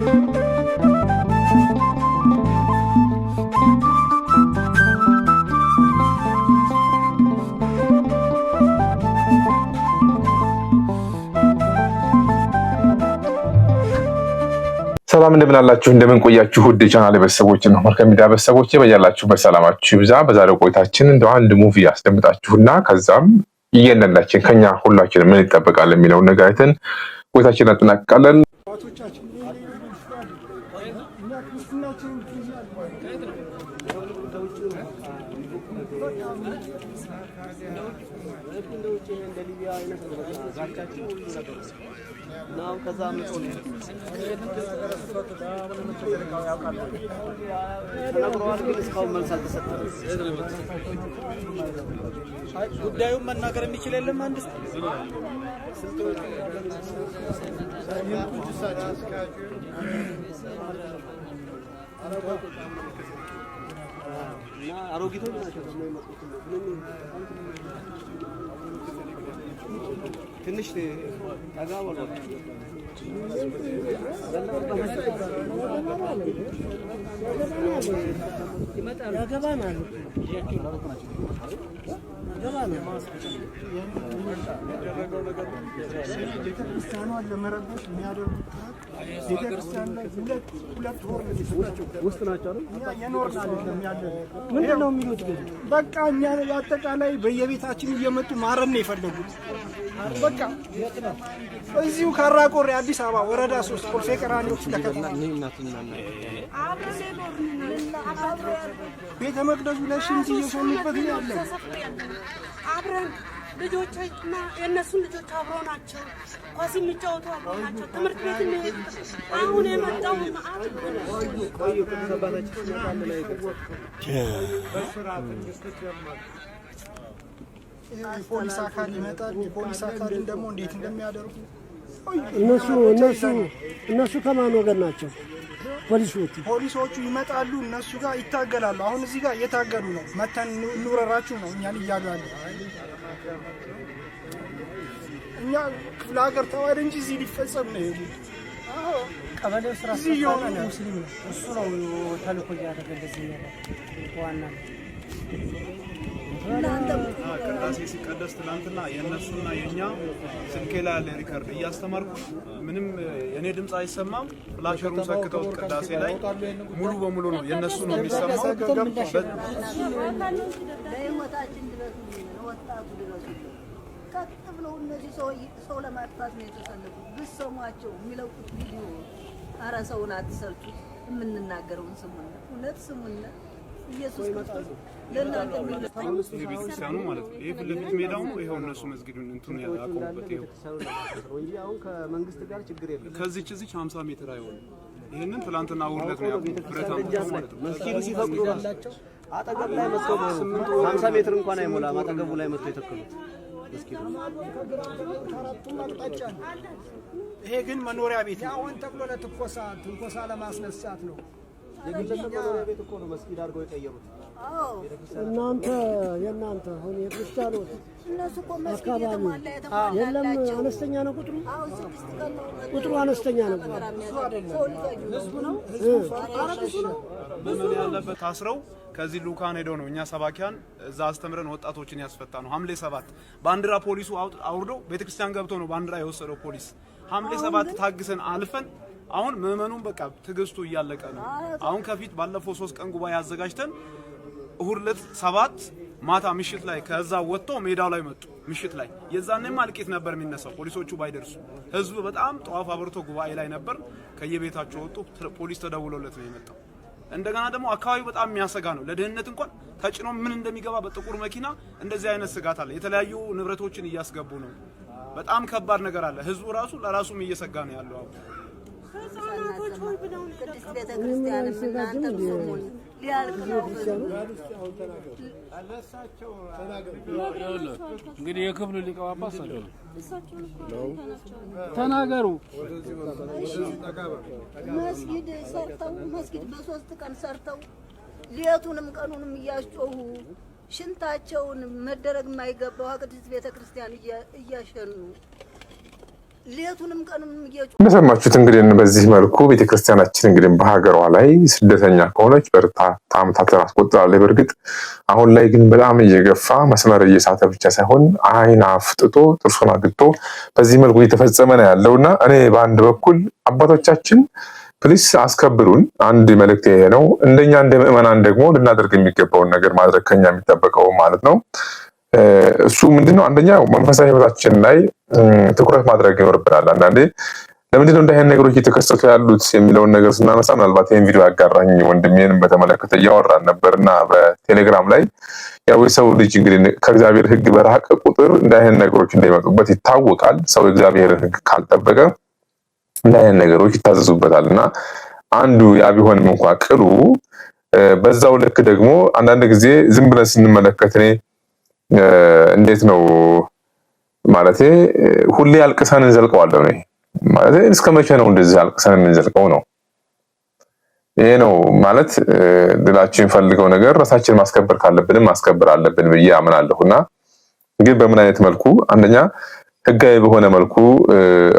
ሰላም እንደምን አላችሁ? እንደምን ቆያችሁ? ውድ ቻናል ቤተሰቦች ነው መልካም ሚዲያ ቤተሰቦች በያላችሁበት በሰላማችሁ ይብዛ። በዛሬው ቆይታችን እንደ አንድ ሙቪ ያስደምጣችሁና ከዛም እያንዳንዳችን ከኛ ሁላችን ምን ይጠበቃል የሚለውን ነገር አይተን ቆይታችን እናጠናቅቃለን። Batu Çaçın ನಾವು ಖಜಾನೆ ጉዳዩን መናገር የሚችል የለም። አንድ ስልክ አሮጊቶች ናቸው ትንሽ ጠጋ ይመጣሉ። ቤተክርስቲያኗን ለመረበሽ የሚያደርጉት ቤተክርስቲያን ላይ ሁለት ሁለት ወር ውስጥ ናቸው የኖር አይደለም ያለ ምንድን ነው የሚሉት? በቃ እኛ አጠቃላይ በየቤታችን እየመጡ ማረም ነው የፈለጉት። በቃ እዚሁ ካራቆሬ አዲስ አበባ ወረዳ ሶስት ቆርሴ ቀራኒዎች ተከትላል ቤተ መቅደሱ ላይ ሽንት እየሸኑበት ያለ አብረን ልጆችና የእነሱን ልጆች አብሮ ናቸው። ኳስ የሚጫወቱ አብሮ ናቸው። ትምህርት ቤት አሁን የመጣው መዓት የፖሊስ አካል ይመጣል። የፖሊስ አካልን ደግሞ እንዴት እንደሚያደርጉ እነሱ እነሱ እነሱ ከማን ወገን ናቸው? ፖሊሶቹ ፖሊሶቹ ይመጣሉ፣ እነሱ ጋር ይታገላሉ። አሁን እዚህ ጋር እየታገሉ ነው። መተን እንውረራችሁ ነው እኛን እያሉ ያለ እኛ ክፍለ ሀገር ተዋደ እንጂ እዚህ ሊፈጸም ነው ይሄ ቀበሌ ስራ እየሆነ ነው። ሙስሊም ነው እሱ ነው ተልእኮ እያደረገ እንደዚህ ዋና ቅዳሴ ሲቀደስ ትናንትና የእነሱና የእኛ ስልኬ ላይ ያለ ሪከርድ እያስተማርኩ ምንም የእኔ ድምፅ አይሰማም። ፍላሸሩን ሰክተው ቅዳሴ ላይ ሙሉ በሙሉ ነው የእነሱ ነው የሚሰማው። ቀጥ ብለው እነዚህ ሰው ለማጥፋት ነው የተሰለፉት። ብትሰሟቸው የሚለቁት ቪዲዮ አረ ሰውን አትሰልቱ። የምንናገረውን ስሙና እውነት ስሙና ኢየሱስ ክርስቶስ ቤተክርስቲያኑ ማለት ነው። ይህ ፊት ለፊት ሜዳው ነው። ይኸው እነሱ መስጊዱን እንትን ያቆሙበት ከመንግስት ጋር ችግር የለም። ከዚች እዚች 50 ሜትር አይሆንም። ይህንን ትላንትና ውርለት ነው ያቆሙት ብረት መስጊዱ ሲፈቅዱ ላቸው ላይ መጥቶ 50 ሜትር እንኳን አይሞላም። አጠገቡ ላይ መጥቶ የተከሉት ይሄ ግን መኖሪያ ቤት ነው። አሁን ተብሎ ለትንኮሳ ለማስነሳት ነው የግለሰብ አድርገው የቀየሩት። እናንተ የእናንተ አሁን የክርስቲያኖች አካባቢ የለም። አነስተኛ ነው ቁጥሩ፣ ቁጥሩ አነስተኛ ነው። ታስረው ከዚህ ልኡካን ሄደው ነው እኛ ሰባኪያን እዛ አስተምረን ወጣቶችን ያስፈታ ነው። ሐምሌ ሰባት ባንዲራ ፖሊሱ አውርዶ ቤተክርስቲያን ገብቶ ነው ባንዲራ የወሰደው ፖሊስ። ሐምሌ ሰባት ታግሰን አልፈን አሁን ምእመኑን በቃ ትግስቱ እያለቀ ነው። አሁን ከፊት ባለፈው ሶስት ቀን ጉባኤ አዘጋጅተን እሁድ ዕለት ሰባት ማታ ምሽት ላይ ከዛ ወጥቶ ሜዳው ላይ መጡ። ምሽት ላይ የዛኔ ማልቂት ነበር የሚነሳው ፖሊሶቹ ባይደርሱ። ህዝብ በጣም ጠዋፍ አብርቶ ጉባኤ ላይ ነበር። ከየቤታቸው ወጡ። ፖሊስ ተደውሎለት ነው የመጣው። እንደገና ደግሞ አካባቢው በጣም የሚያሰጋ ነው። ለደህንነት እንኳን ተጭኖ ምን እንደሚገባ በጥቁር መኪና እንደዚህ አይነት ስጋት አለ። የተለያዩ ንብረቶችን እያስገቡ ነው። በጣም ከባድ ነገር አለ። ህዝቡ ራሱ ለራሱም እየሰጋ ነው ያለው። ቅድስት ቤተክርስቲያን እንግዲህ የክፍሉ ሊቀ ጳጳስ ተናገሩ። መስጊድ ሰርተው መስጊድ በሶስት ቀን ሰርተው ሌቱንም ቀኑንም እያስጮሁ ሽንታቸውን መደረግ የማይገባው ቅድስት ቤተክርስቲያን እያሸኑ እንደሰማችሁት እንግዲህ በዚህ መልኩ ቤተክርስቲያናችን እንግዲህ በሀገሯ ላይ ስደተኛ ከሆነች በርታ ዓመታትን አስቆጥራለች። በእርግጥ አሁን ላይ ግን በጣም እየገፋ መስመር እየሳተ ብቻ ሳይሆን አይን አፍጥጦ ጥርሱን አግቶ በዚህ መልኩ እየተፈጸመ ነው ያለው እና እኔ በአንድ በኩል አባቶቻችን ፕሊስ አስከብሩን፣ አንድ መልእክት ይሄ ነው። እንደኛ እንደ ምዕመናን ደግሞ ልናደርግ የሚገባውን ነገር ማድረግ ከኛ የሚጠበቀው ማለት ነው። እሱ ምንድነው? አንደኛው መንፈሳዊ ህይወታችን ላይ ትኩረት ማድረግ ይኖርብናል። አንዳንዴ ለምንድነው እንደ አይነት ነገሮች እየተከሰቱ ያሉት የሚለውን ነገር ስናነሳ ምናልባት ይህን ቪዲዮ ያጋራኝ ወንድሜን በተመለከተ እያወራን ነበርና በቴሌግራም ላይ ያው የሰው ልጅ እንግዲህ ከእግዚአብሔር ህግ በራቀ ቁጥር እንደ አይነት ነገሮች እንዳይመጡበት ይታወቃል። ሰው የእግዚአብሔርን ህግ ካልጠበቀ እንደ አይነት ነገሮች ይታዘዙበታል እና አንዱ ያ ቢሆንም እንኳ ቅሉ በዛው ልክ ደግሞ አንዳንድ ጊዜ ዝም ብለን ስንመለከት እኔ እንዴት ነው ማለቴ ሁሌ አልቅሰን እንዘልቀዋለን ወይ ማለቴ እስከ መቼ ነው እንደዚህ አልቅሰን የምንዘልቀው ነው ይሄ ነው ማለት ልላችሁ የሚፈልገው ነገር ራሳችን ማስከበር ካለብንም ማስከበር አለብን ብዬ አምናለሁ እና ግን በምን አይነት መልኩ አንደኛ ህጋዊ በሆነ መልኩ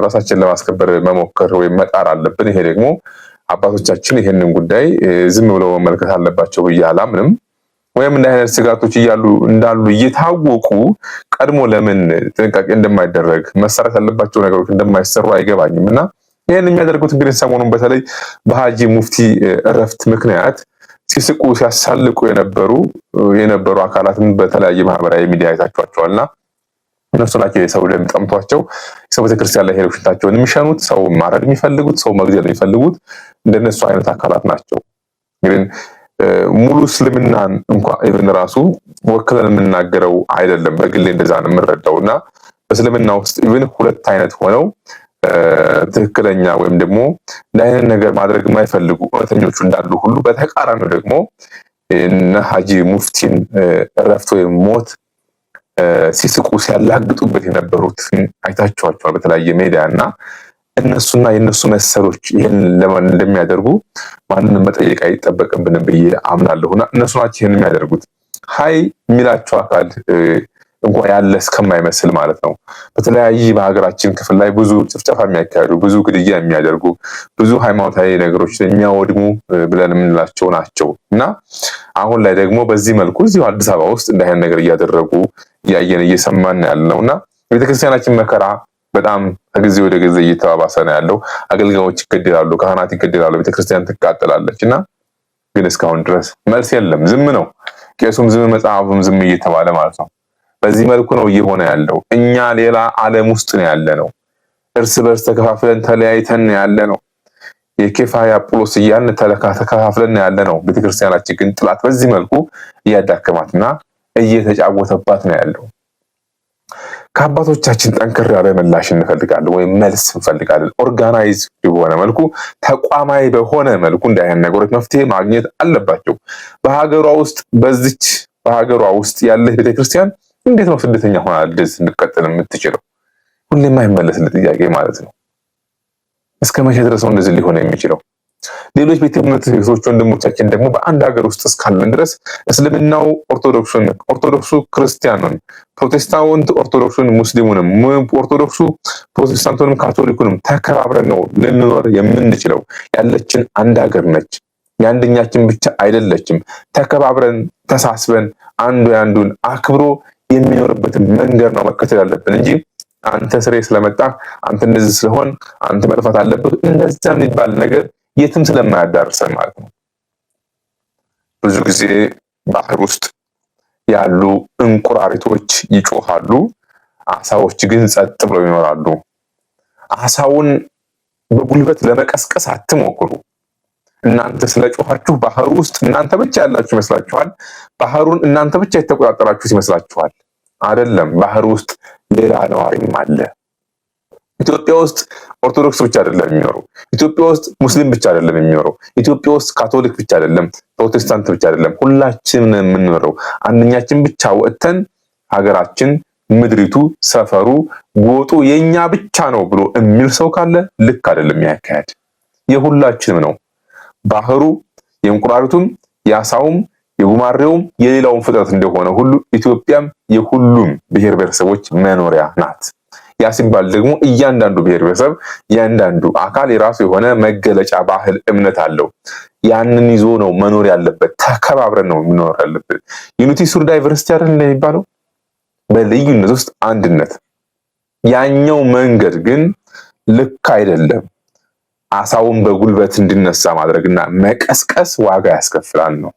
ራሳችን ለማስከበር መሞከር ወይም መጣር አለብን ይሄ ደግሞ አባቶቻችን ይሄንን ጉዳይ ዝም ብለው መመልከት አለባቸው ብዬ አላምንም ወይም እንደ አይነት ስጋቶች እያሉ እንዳሉ እየታወቁ ቀድሞ ለምን ጥንቃቄ እንደማይደረግ መሰረት ያለባቸው ነገሮች እንደማይሰሩ አይገባኝም። እና ይህን የሚያደርጉት እንግዲህ ሰሞኑን በተለይ በሀጂ ሙፍቲ እረፍት ምክንያት ሲስቁ ሲያሳልቁ የነበሩ የነበሩ አካላትን በተለያየ ማህበራዊ ሚዲያ አይታችኋቸዋል እና እነሱ ናቸው የሰው ደም ጠምቷቸው የሰው ቤተክርስቲያን ላይ ሄደው ሽንታቸውን የሚሸኑት ሰው ማረድ የሚፈልጉት ሰው መግደል የሚፈልጉት እንደነሱ አይነት አካላት ናቸው ግን ሙሉ እስልምናን እንኳ ኢቨን ራሱ ወክለን የምናገረው አይደለም። በግሌ እንደዛ ነው የምንረዳው እና በእስልምና ውስጥ ኢቨን ሁለት አይነት ሆነው ትክክለኛ ወይም ደግሞ እንደ አይነት ነገር ማድረግ የማይፈልጉ እውነተኞቹ እንዳሉ ሁሉ በተቃራኒው ደግሞ እነ ሀጂ ሙፍቲን እረፍት ወይም ሞት ሲስቁ ሲያላግጡበት የነበሩት አይታችኋቸዋል በተለያየ ሜዲያ እና እነሱና የእነሱ መሰሎች ይህን እንደሚያደርጉ ማንንም መጠየቅ አይጠበቅብንም ብዬ አምናለሁና እነሱ ናቸው ይህን የሚያደርጉት። ሀይ የሚላቸው አካል እንኳ ያለ እስከማይመስል ማለት ነው። በተለያየ በሀገራችን ክፍል ላይ ብዙ ጭፍጨፋ የሚያካሂዱ ብዙ ግድያ የሚያደርጉ ብዙ ሃይማኖታዊ ነገሮች የሚያወድሙ ብለን የምንላቸው ናቸው እና አሁን ላይ ደግሞ በዚህ መልኩ እዚሁ አዲስ አበባ ውስጥ እንደ አይነት ነገር እያደረጉ እያየን እየሰማን ያለ ነው እና ቤተክርስቲያናችን መከራ በጣም ከጊዜ ወደ ጊዜ እየተባባሰ ነው ያለው። አገልጋዮች ይገደላሉ፣ ካህናት ይገደላሉ፣ ቤተክርስቲያን ትቃጠላለች እና ግን እስካሁን ድረስ መልስ የለም። ዝም ነው ቄሱም ዝም መጽሐፉም ዝም እየተባለ ማለት ነው። በዚህ መልኩ ነው እየሆነ ያለው። እኛ ሌላ ዓለም ውስጥ ነው ያለ ነው። እርስ በርስ ተከፋፍለን ተለያይተን ያለ ነው። የኬፋ የአጵሎስ እያልን ተከፋፍለን ያለ ነው። ቤተክርስቲያናችን ግን ጥላት በዚህ መልኩ እያዳከማትና እየተጫወተባት ነው ያለው። ከአባቶቻችን ጠንከር ያለ ምላሽ እንፈልጋለን ወይም መልስ እንፈልጋለን። ኦርጋናይዝ የሆነ መልኩ ተቋማዊ በሆነ መልኩ እንዲህ አይነት ነገሮች መፍትሄ ማግኘት አለባቸው። በሀገሯ ውስጥ በዚች በሀገሯ ውስጥ ያለች ቤተክርስቲያን እንዴት ነው ስደተኛ ሆና ልደት እንድቀጥል የምትችለው? ሁሌም አይመለስልን ጥያቄ ማለት ነው። እስከ መቼ ድረስ ነው እንደዚህ ሊሆን የሚችለው? ሌሎች ቤተ እምነት ቤቶች ወንድሞቻችን ደግሞ በአንድ ሀገር ውስጥ እስካለን ድረስ እስልምናው ኦርቶዶክሱን፣ ኦርቶዶክሱ ክርስቲያኑን፣ ፕሮቴስታንት ኦርቶዶክሱን፣ ሙስሊሙንም፣ ኦርቶዶክሱ ፕሮቴስታንቱንም፣ ካቶሊኩንም ተከባብረን ነው ልንኖር የምንችለው። ያለችን አንድ ሀገር ነች። የአንደኛችን ብቻ አይደለችም። ተከባብረን ተሳስበን አንዱ የአንዱን አክብሮ የሚኖርበትን መንገድ ነው መከተል ያለብን እንጂ አንተ ስሬ ስለመጣ አንተ እንደዚህ ስለሆን አንተ መጥፋት አለብህ እንደዛ የሚባል ነገር የትም ስለማያዳርሰን ማለት ነው። ብዙ ጊዜ ባህር ውስጥ ያሉ እንቁራሪቶች ይጮሃሉ፣ አሳዎች ግን ጸጥ ብለው ይኖራሉ። አሳውን በጉልበት ለመቀስቀስ አትሞክሩ። እናንተ ስለጮኋችሁ ባህር ውስጥ እናንተ ብቻ ያላችሁ ይመስላችኋል። ባህሩን እናንተ ብቻ የተቆጣጠራችሁት ይመስላችኋል። አይደለም፣ ባህር ውስጥ ሌላ ነዋሪም አለ። ኢትዮጵያ ውስጥ ኦርቶዶክስ ብቻ አይደለም የሚኖረው። ኢትዮጵያ ውስጥ ሙስሊም ብቻ አይደለም የሚኖረው። ኢትዮጵያ ውስጥ ካቶሊክ ብቻ አይደለም፣ ፕሮቴስታንት ብቻ አይደለም። ሁላችንም የምንኖረው አንደኛችን ብቻ ወጥተን ሀገራችን፣ ምድሪቱ፣ ሰፈሩ፣ ጎጡ የኛ ብቻ ነው ብሎ የሚል ሰው ካለ ልክ አይደለም። ያካሄድ የሁላችንም ነው። ባህሩ የእንቁራሪቱም የአሳውም የጉማሬውም የሌላውም ፍጥረት እንደሆነ ሁሉ ኢትዮጵያም የሁሉም ብሔር ብሔረሰቦች መኖሪያ ናት። ያ ሲባል ደግሞ እያንዳንዱ ብሔር ብሔረሰብ እያንዳንዱ አካል የራሱ የሆነ መገለጫ፣ ባህል፣ እምነት አለው። ያንን ይዞ ነው መኖር ያለበት። ተከባብረን ነው መኖር ያለበት። ዩኒቲ ሱር ዳይቨርሲቲ አይደል እንደሚባለው በልዩነት ውስጥ አንድነት። ያኛው መንገድ ግን ልክ አይደለም። አሳውን በጉልበት እንዲነሳ ማድረግና መቀስቀስ ዋጋ ያስከፍላል ነው።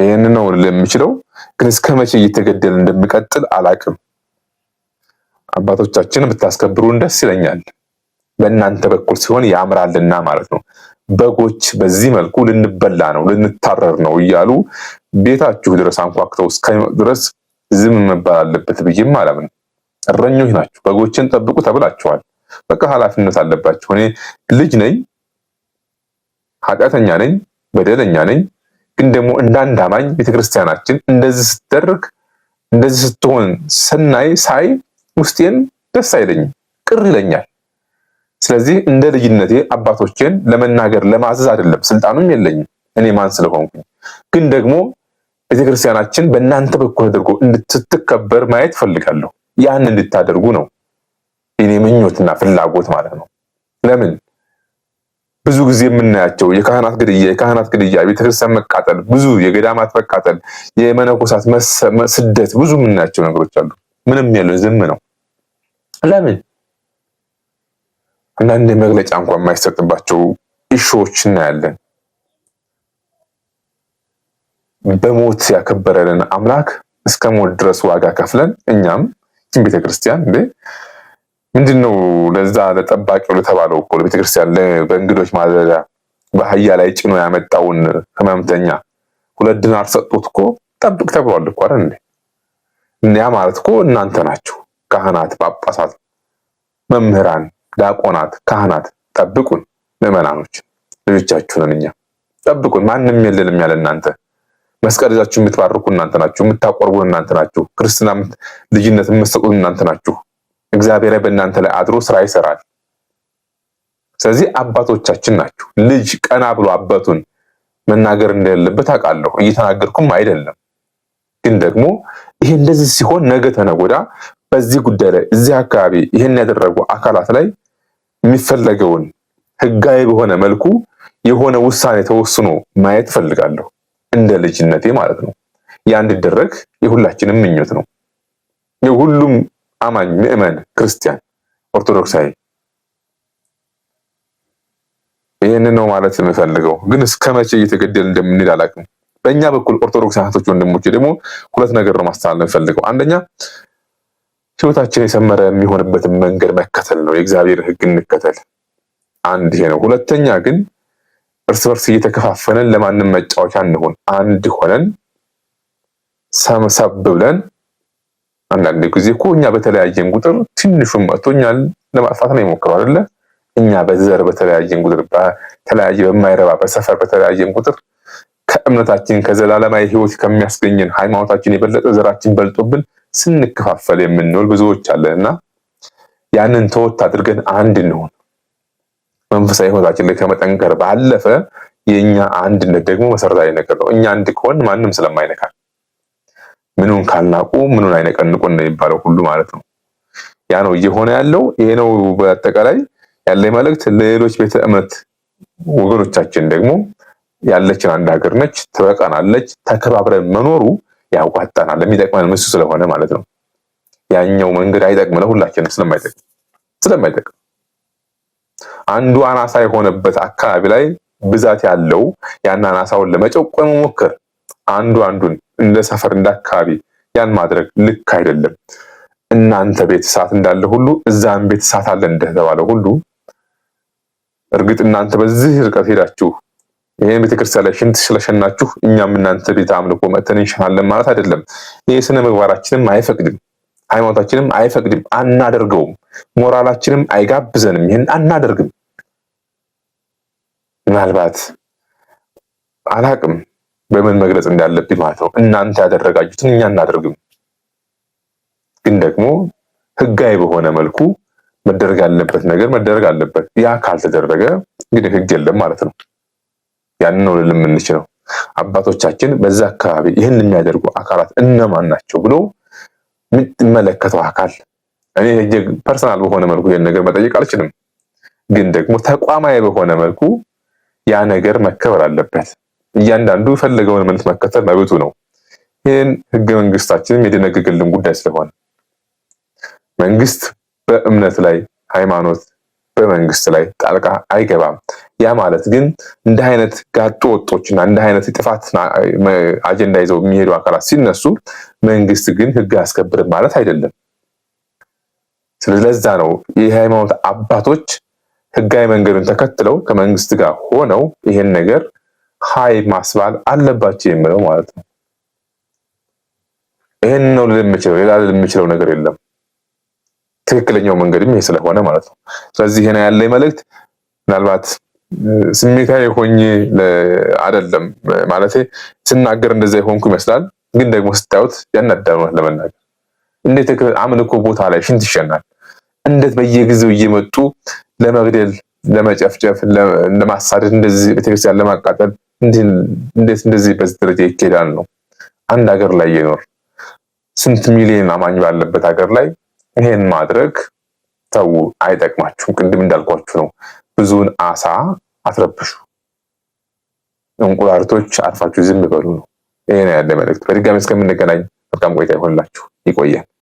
ይህን ነው ለሚችለው ግን እስከ መቼ እየተገደለ እንደሚቀጥል አላቅም። አባቶቻችን ብታስከብሩን ደስ ይለኛል። በእናንተ በኩል ሲሆን ያምራልና ማለት ነው። በጎች በዚህ መልኩ ልንበላ ነው ልንታረር ነው እያሉ ቤታችሁ ድረስ አንኳክተው እስከሚመጡ ድረስ ዝም መባል አለበት ብዬም አላምንም። እረኞች ናችሁ፣ በጎችን ጠብቁ ተብላችኋል። በቃ ኃላፊነት አለባችሁ። እኔ ልጅ ነኝ፣ ኃጢአተኛ ነኝ፣ በደለኛ ነኝ። ግን ደግሞ እንዳንድ አማኝ ቤተክርስቲያናችን እንደዚህ ስትደርግ እንደዚህ ስትሆን ስናይ ሳይ ውስጤን ደስ አይለኝም፣ ቅር ይለኛል። ስለዚህ እንደ ልጅነቴ አባቶቼን ለመናገር ለማዘዝ አይደለም፣ ስልጣኑም የለኝም እኔ ማን ስለሆንኩኝ። ግን ደግሞ ቤተክርስቲያናችን በእናንተ በኩል አድርጎ እንድትከበር ማየት ፈልጋለሁ። ያን እንድታደርጉ ነው የኔ ምኞትና ፍላጎት ማለት ነው። ለምን ብዙ ጊዜ የምናያቸው የካህናት ግድያ የካህናት ግድያ፣ ቤተክርስቲያን መቃጠል፣ ብዙ የገዳማት መቃጠል፣ የመነኮሳት ስደት፣ ብዙ የምናያቸው ነገሮች አሉ። ምንም ያለው ዝም ነው። ለምን አንዳንድ መግለጫ እንኳን የማይሰጥባቸው እሾዎች እናያለን። በሞት ያከበረልን አምላክ እስከ ሞት ድረስ ዋጋ ከፍለን እኛም ይህን ቤተክርስቲያን ምንድን ነው ለዛ ለጠባቂው ለተባለው እኮ ለቤተክርስቲያን በእንግዶች ማዘዣ በአህያ ላይ ጭኖ ያመጣውን ህመምተኛ ሁለት ድናር ሰጡት እኮ ጠብቅ ተብሏል እኮ አይደል? ያ ማለት እኮ እናንተ ናችሁ። ካህናት፣ ጳጳሳት፣ መምህራን፣ ዲያቆናት፣ ካህናት ጠብቁን። ምዕመናኖች ልጆቻችሁንን እኛ ጠብቁን። ማንም የለንም ያለ እናንተ መስቀል ይዛችሁ የምትባርኩ እናንተ ናችሁ፣ የምታቆርቡን እናንተ ናችሁ፣ ክርስትና ልጅነት የምትሰጡን እናንተ ናችሁ። እግዚአብሔር በእናንተ ላይ አድሮ ስራ ይሰራል። ስለዚህ አባቶቻችን ናችሁ። ልጅ ቀና ብሎ አባቱን መናገር እንደሌለበት አውቃለሁ፣ እየተናገርኩም አይደለም። ግን ደግሞ ይሄ እንደዚህ ሲሆን ነገ ተነጎዳ በዚህ ጉዳይ ላይ እዚህ አካባቢ ይህን ያደረጉ አካላት ላይ የሚፈለገውን ህጋዊ በሆነ መልኩ የሆነ ውሳኔ ተወስኖ ማየት እፈልጋለሁ። እንደ ልጅነቴ ማለት ነው። ያ እንዲደረግ የሁላችንም ምኞት ነው። የሁሉም አማኝ ምዕመን፣ ክርስቲያን፣ ኦርቶዶክሳዊ ይህን ነው ማለት የምፈልገው። ግን እስከ መቼ እየተገደል እንደምንል አላውቅም። በእኛ በኩል ኦርቶዶክስ እህቶች ወንድሞቼ ደግሞ ሁለት ነገር ነው ማስተላለፍ የምፈልገው አንደኛ ህይወታችን የሰመረ የሚሆንበትን መንገድ መከተል ነው። የእግዚአብሔር ህግ እንከተል። አንድ ይሄ ነው። ሁለተኛ ግን እርስ በርስ እየተከፋፈነን ለማንም መጫወቻ እንሆን። አንድ ሆነን ሰምሰብ ብለን አንዳንድ ጊዜ እኮ እኛ በተለያየን ቁጥር ትንሹም መጥቶ እኛን ለማጥፋት ነው የሞክረው አይደለ? እኛ በዘር በተለያየን ቁጥር በተለያየ በማይረባ በሰፈር በተለያየን ቁጥር ከእምነታችን ከዘላለማዊ ህይወት ከሚያስገኘን ሃይማኖታችን የበለጠ ዘራችን በልጦብን ስንከፋፈል የምንውል ብዙዎች አለን እና ያንን ተወት አድርገን አንድ እንሆን። መንፈሳዊ ሆታችን ላይ ከመጠንከር ባለፈ የእኛ አንድነት ደግሞ መሰረታዊ ነገር ነው። እኛ አንድ ከሆን ማንም ስለማይነካል። ምኑን ካልናቁ ምኑን አይነቀንቁን ነው የሚባለው ሁሉ ማለት ነው። ያ ነው እየሆነ ያለው። ይሄ ነው በአጠቃላይ ያለ መልእክት። ለሌሎች ቤተ እምነት ወገኖቻችን ደግሞ ያለችን አንድ ሀገር ነች፣ ትበቃናለች። ተከባብረን መኖሩ ያዋጣናል ለሚጠቅመን እሱ ስለሆነ ማለት ነው። ያኛው መንገድ አይጠቅም ለሁላችንም ስለማይጠቅም ስለማይጠቅም አንዱ አናሳ የሆነበት አካባቢ ላይ ብዛት ያለው ያን አናሳውን ለመጨቆን መሞከር አንዱ አንዱን እንደ ሰፈር እንደ አካባቢ ያን ማድረግ ልክ አይደለም። እናንተ ቤት እሳት እንዳለ ሁሉ እዛም ቤት እሳት አለ እንደተባለ ሁሉ እርግጥ እናንተ በዚህ ርቀት ሄዳችሁ ይህን ቤተክርስቲያን ላይ ሽንት ስለሸናችሁ እኛም እናንተ ቤተ አምልኮ መተን እንሸናለን ማለት አይደለም። ይህ ስነ ምግባራችንም አይፈቅድም፣ ሃይማኖታችንም አይፈቅድም፣ አናደርገውም። ሞራላችንም አይጋብዘንም፣ ይህን አናደርግም። ምናልባት አላቅም በምን መግለጽ እንዳለብኝ ማለት ነው። እናንተ ያደረጋችሁትን እኛ እናደርግም፣ ግን ደግሞ ህጋዊ በሆነ መልኩ መደረግ ያለበት ነገር መደረግ አለበት። ያ ካልተደረገ እንግዲህ ህግ የለም ማለት ነው። ያንን ነው ልል የምንችለው። አባቶቻችን በዛ አካባቢ ይህን የሚያደርጉ አካላት እነማን ናቸው ብሎ የምትመለከተው አካል እኔ ፐርሰናል በሆነ መልኩ ይህን ነገር መጠየቅ አልችልም፣ ግን ደግሞ ተቋማዊ በሆነ መልኩ ያ ነገር መከበር አለበት። እያንዳንዱ የፈለገውን እምነት መከተል መብቱ ነው። ይህን ህገ መንግስታችንም የደነገገልን ጉዳይ ስለሆነ መንግስት በእምነት ላይ ሃይማኖት በመንግስት ላይ ጣልቃ አይገባም። ያ ማለት ግን እንዲህ አይነት ጋጦ ወጦችና እንዲህ አይነት የጥፋት አጀንዳ ይዘው የሚሄዱ አካላት ሲነሱ መንግስት ግን ህግ አያስከብርም ማለት አይደለም። ስለዛ ነው የሃይማኖት አባቶች ህጋዊ መንገዱን ተከትለው ከመንግስት ጋር ሆነው ይሄን ነገር ሀይ ማስባል አለባቸው የምለው ማለት ነው። ይሄን ነው ልል የምችለው፣ ሌላ ልል የምችለው ነገር የለም። ትክክለኛው መንገድም ይሄ ስለሆነ ማለት ነው። ስለዚህ ይሄን ያለ መልእክት ምናልባት ስሜታዊ ሆኜ አይደለም ማለት ስናገር እንደዛ የሆንኩ ይመስላል፣ ግን ደግሞ ስታዩት ያናዳል። ለመናገር እንዴት አምልኮ ቦታ ላይ ሽንት ይሸናል? እንዴት በየጊዜው እየመጡ ለመግደል፣ ለመጨፍጨፍ፣ ለማሳደድ እንደዚህ ቤተክርስቲያን ለማቃጠል እንዴት እንደዚህ በዚህ ደረጃ ይካሄዳል ነው አንድ ሀገር ላይ የኖር ስንት ሚሊዮን አማኝ ባለበት ሀገር ላይ ይሄን ማድረግ ተው፣ አይጠቅማችሁም። ቅድም እንዳልኳችሁ ነው ብዙውን አሳ አትረብሹ፣ እንቁራርቶች አርፋችሁ ዝም በሉ ነው። ይሄ ነው ያለ መልእክት። በድጋሚ እስከምንገናኝ መልካም ቆይታ ይሆንላችሁ። ይቆያል።